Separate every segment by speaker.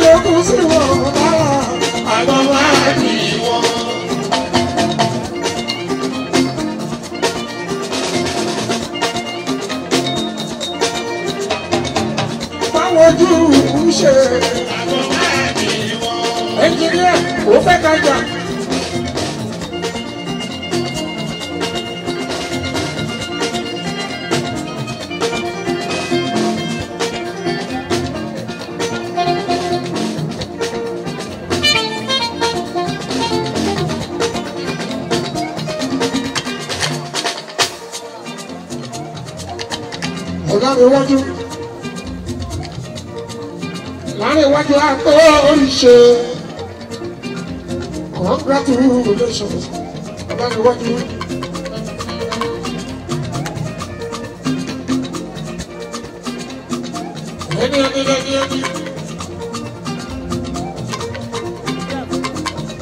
Speaker 1: lókun sí wọn bára àgbà máa dì wọn. báwo ojú ń ṣe. àgbà máa dì wọn. ẹnjìníà ò fẹ́ láàrin iwájú láàrin iwájú àpò oríṣe congratulations láàrin iwájú. ẹni ẹni ẹni ẹni.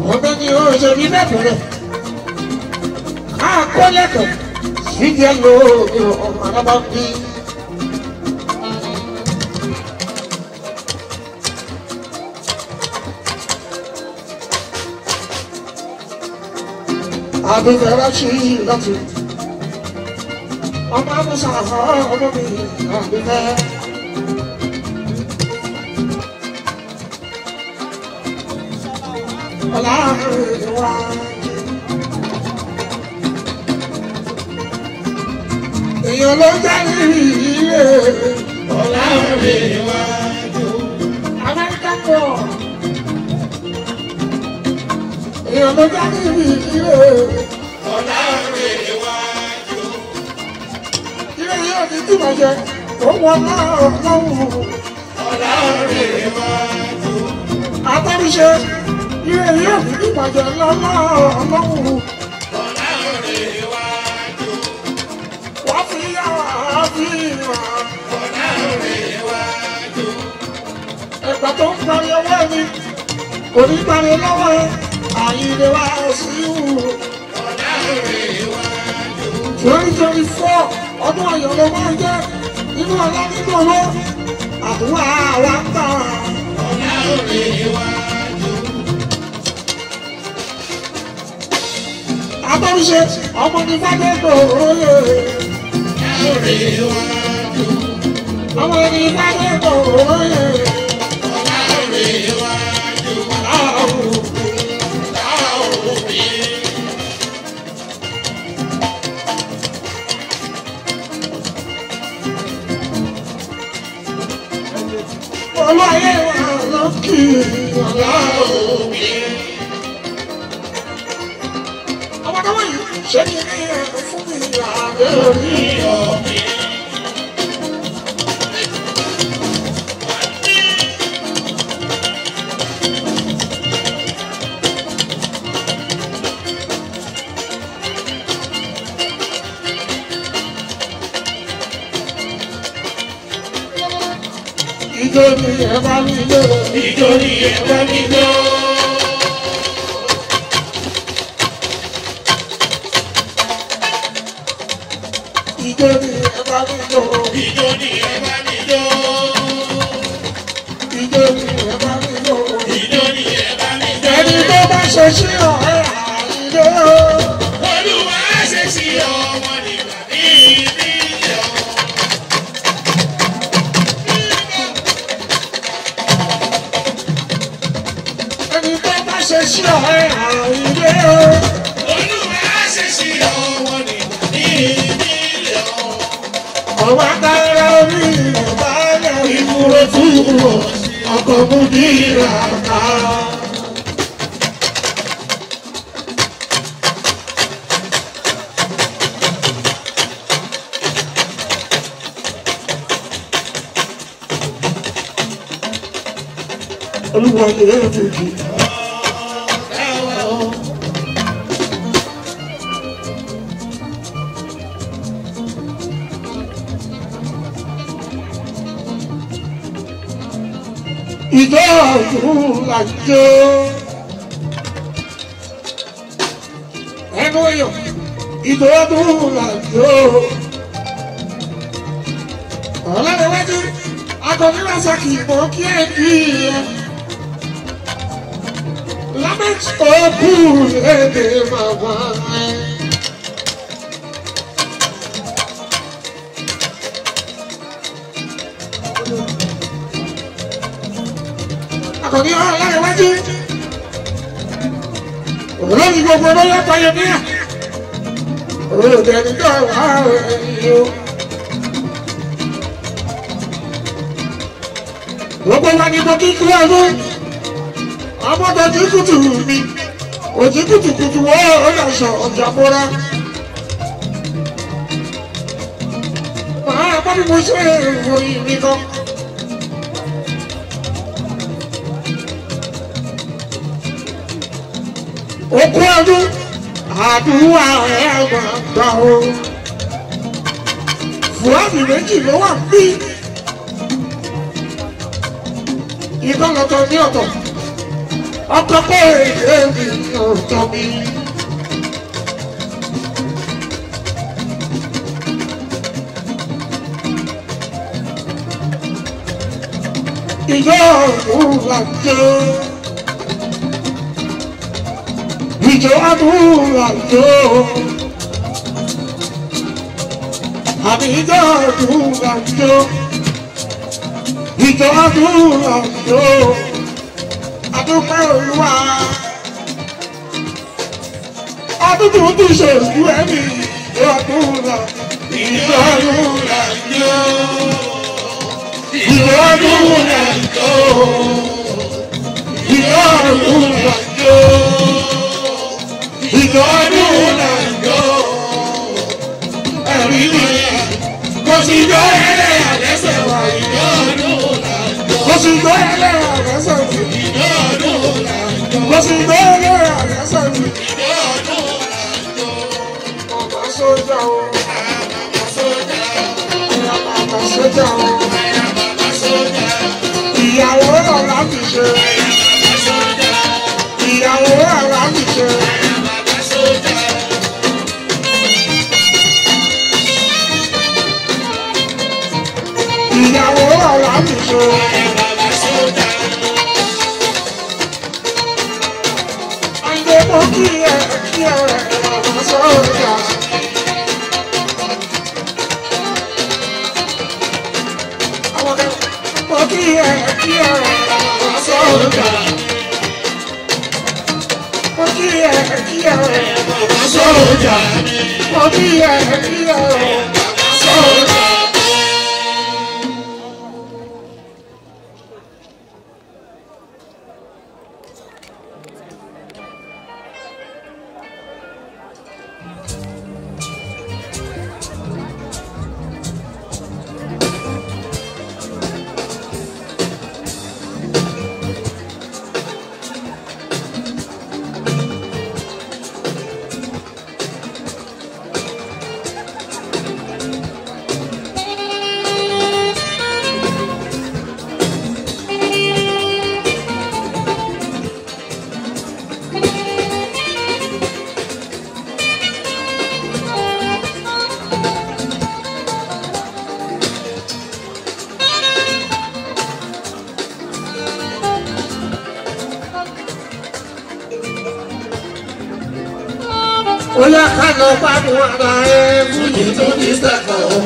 Speaker 1: ọmọ ni ó ṣe ní bẹ́ẹ̀ ká kó lẹ́kọ̀ọ́ síjẹ́ lóògùn ọmọ alábàápín. àgbẹ̀fẹ̀ ráṣí lọ́tù. ọmọ musa àfọwọ́ ọmọ mi àgbẹ̀fẹ̀. ọ̀làhùn ìwà. Allah, ló jẹ́ ní ilé. mo já níbi ìdílé. ọ̀la rẹ̀ wájú. ilé yóò ní bí màá jẹ òun ọlá ọlọ́run. ọ̀la rẹ̀ wájú. àtàríṣe ilé yóò ní bí màá jẹ lọ́lá ọlọ́run. ọ̀la rẹ̀ wájú. wá fi yá wá fi wá. ọ̀la rẹ̀ wájú. ẹ̀gbà tó ń parí ọwọ́ mi kò ní parí lọ́wọ́ ẹ. Àyìnlé wa ṣíwù. Twenty twenty four ọdún Ọ̀yọ́ ló máa ń jẹ́ inú ọlá nínú owó àdúrà wa ń tà. Abọ́rúṣe ọmọ ní Fádẹ́gbò òye. Ọmọ ní Fádẹ́gbò òye. ọ̀la òbí. ọmọdé wọ̀nyí ṣe ní ẹ̀rọ fún mi àbẹ̀ orí ọ̀bẹ. bá mi lò. nítorí ẹ bá mi lò. nítorí ẹ bá mi lò. nítorí ẹ bá mi lò. nítorí ẹ bá mi lò. nítorí ẹ bá mi lò. ẹni tó bá ṣe sí ọ. ṣíṣọ́ àwùjọ. olúwa ṣe ṣíṣọ́ wọn ní ìdílé wọn. ọba tára orí ọba yọ ìmúrò túwò ọkọ̀ mú bí ni ẹ ti jù. ọ̀tún làjọ. ẹnu ọyọ ìdọ́dún làjọ. ọlọ́run wájú akọni lásàkì ìbò kí ẹ kí ẹ. lábẹ́ òkú èdè màmá ẹ. kò ní ọ̀rọ̀ lára iwájú olórí gbogbo olóyè ọ̀pọ̀yẹ mìíràn olùdẹ̀ni tó wà ọ̀rọ̀ yìí o. gbogbo wa ni mo kí kí ọdún ọmọ tó kùtù mi òjì kùtùkùtù wọ́ ọ̀rọ̀ ṣọ ọ̀jà bọ́ra. màá bá mi mo ṣe ìròyìn mi kan. ogún ọdún àdúrà ẹ̀ gbàgbà o. fúlàní méjì ló wà bí. ìbọn lọ́tọ̀ ní ọ̀tọ̀ ọkọ̀ pé èdè mi ò tọ́ mi. ìjọ òun wà jẹ́ àtijọ́ àdúrà jọ. àtijọ́ àdúrà jọ. ìjọ àdúrà jọ. àdúpẹ́ olúwa. àdúgbò tó ṣe ìlú ẹ̀mí ìjọ àdúrà. ìjọ àdúrà jọ. ìjọ àdúrà jọ. God, and God. Everywhere. Cause you go ahead, that's why you don't know. you go ahead, that's why you don't know. you go ahead, that's why you don't know. Ọba sójà o, ọba sójà o, ọba sójà Soldier, soldier, soldier. wọ́n bá ẹ fújì tó ní sẹ́kọ̀ o.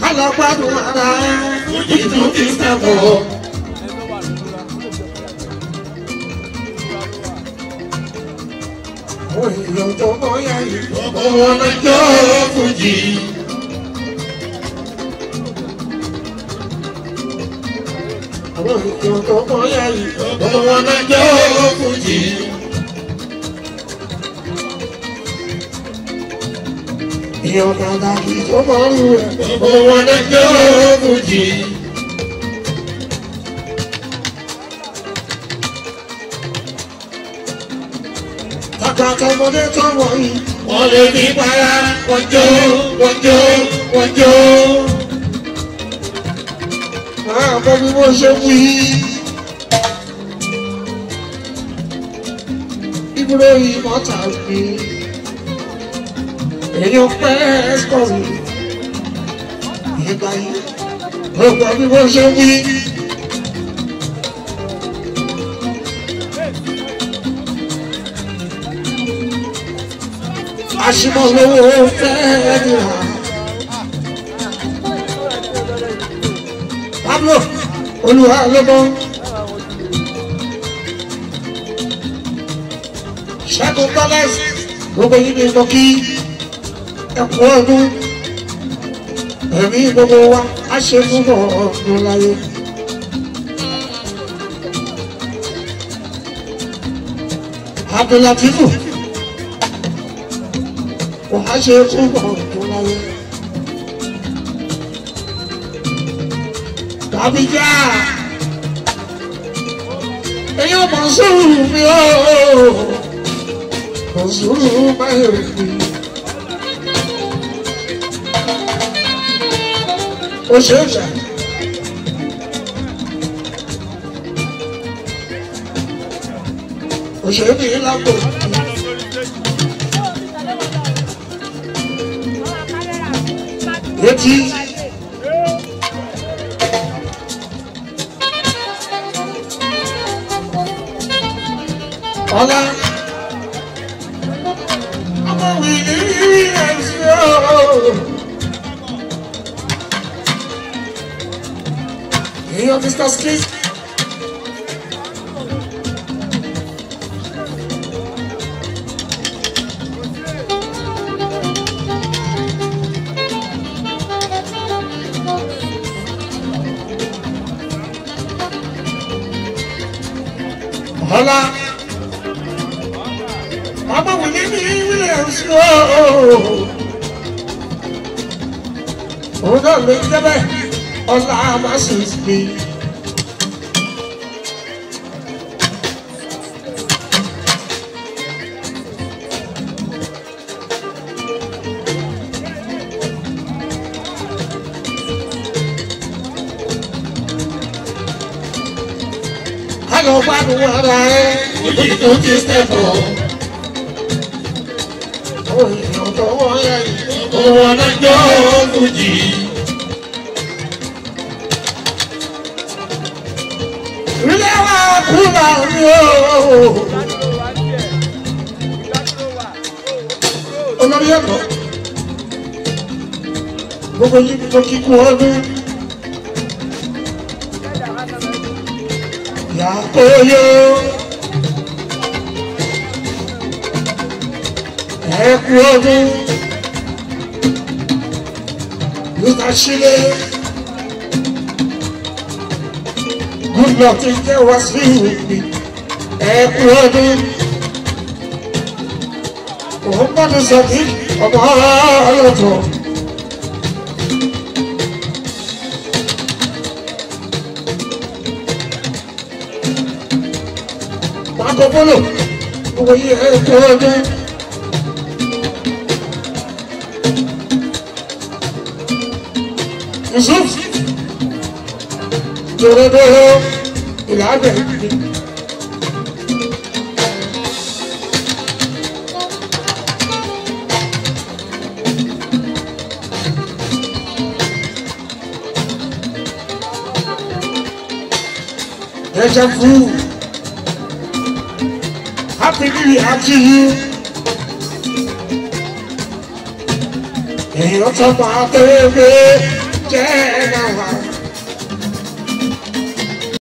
Speaker 1: Kálọ̀ gbádùn ara ẹ fújì tó ní sẹ́kọ̀ o. ìlọ́jọ́ bóyá ìlọ́jọ́ ọlọ́jọ́ fújì. àwọn ìlọ́jọ́ bóyá ìlọ́jọ́ àtàkọ́mọdé kan wọ̀nyí. wọ́n lè ní àṣìmọ̀ lówó fẹ́ẹ́ nìyà. Pablo olùwà lọ́bọ. Ṣẹ́gun Palace gbogbo yìí ni mo kí ẹ̀kọ́ ọdún ẹ̀mí gbogbo wa á ṣe túbọ̀ ọdún láyé. Abdullatifu kò á ṣe túbọ̀ ọ̀dún láyé. Kàbíjà èyí ò mọ̀ sùúrù mi ó kò sùúrù báyìí fi. Ó ṣe é jà. Ó ṣe é bí lápò. Moti. Olá. Em outras escrito? ọlá mama! We need Williams ooo òun náà ló ń jẹ́ bẹ́ẹ̀ ọlá máa ṣe é sí lọ gbádùn ara ẹ òyì tó ti sẹ́kọ̀. òyìnbó tọwọ́ ẹ òun ọ̀nàjọ́ fújì. ilé wa kú làwọn yóò. olórí ẹ̀kọ́ gbogbo yìí tó kíkú ọdún. Lákòóyò. Ẹ kú ọdún. Lúta Ṣílé. Good luck in the West Wing. Ẹ kú ọdún. Òun bá mi sọ fún ọmọ ọlọ́tọ̀. قبله وياك وانا نشوف ضربها العبد Deja vu pẹ̀lú àti yìí. èèyàn tó máa tẹ́lẹ̀ jẹ́ náà.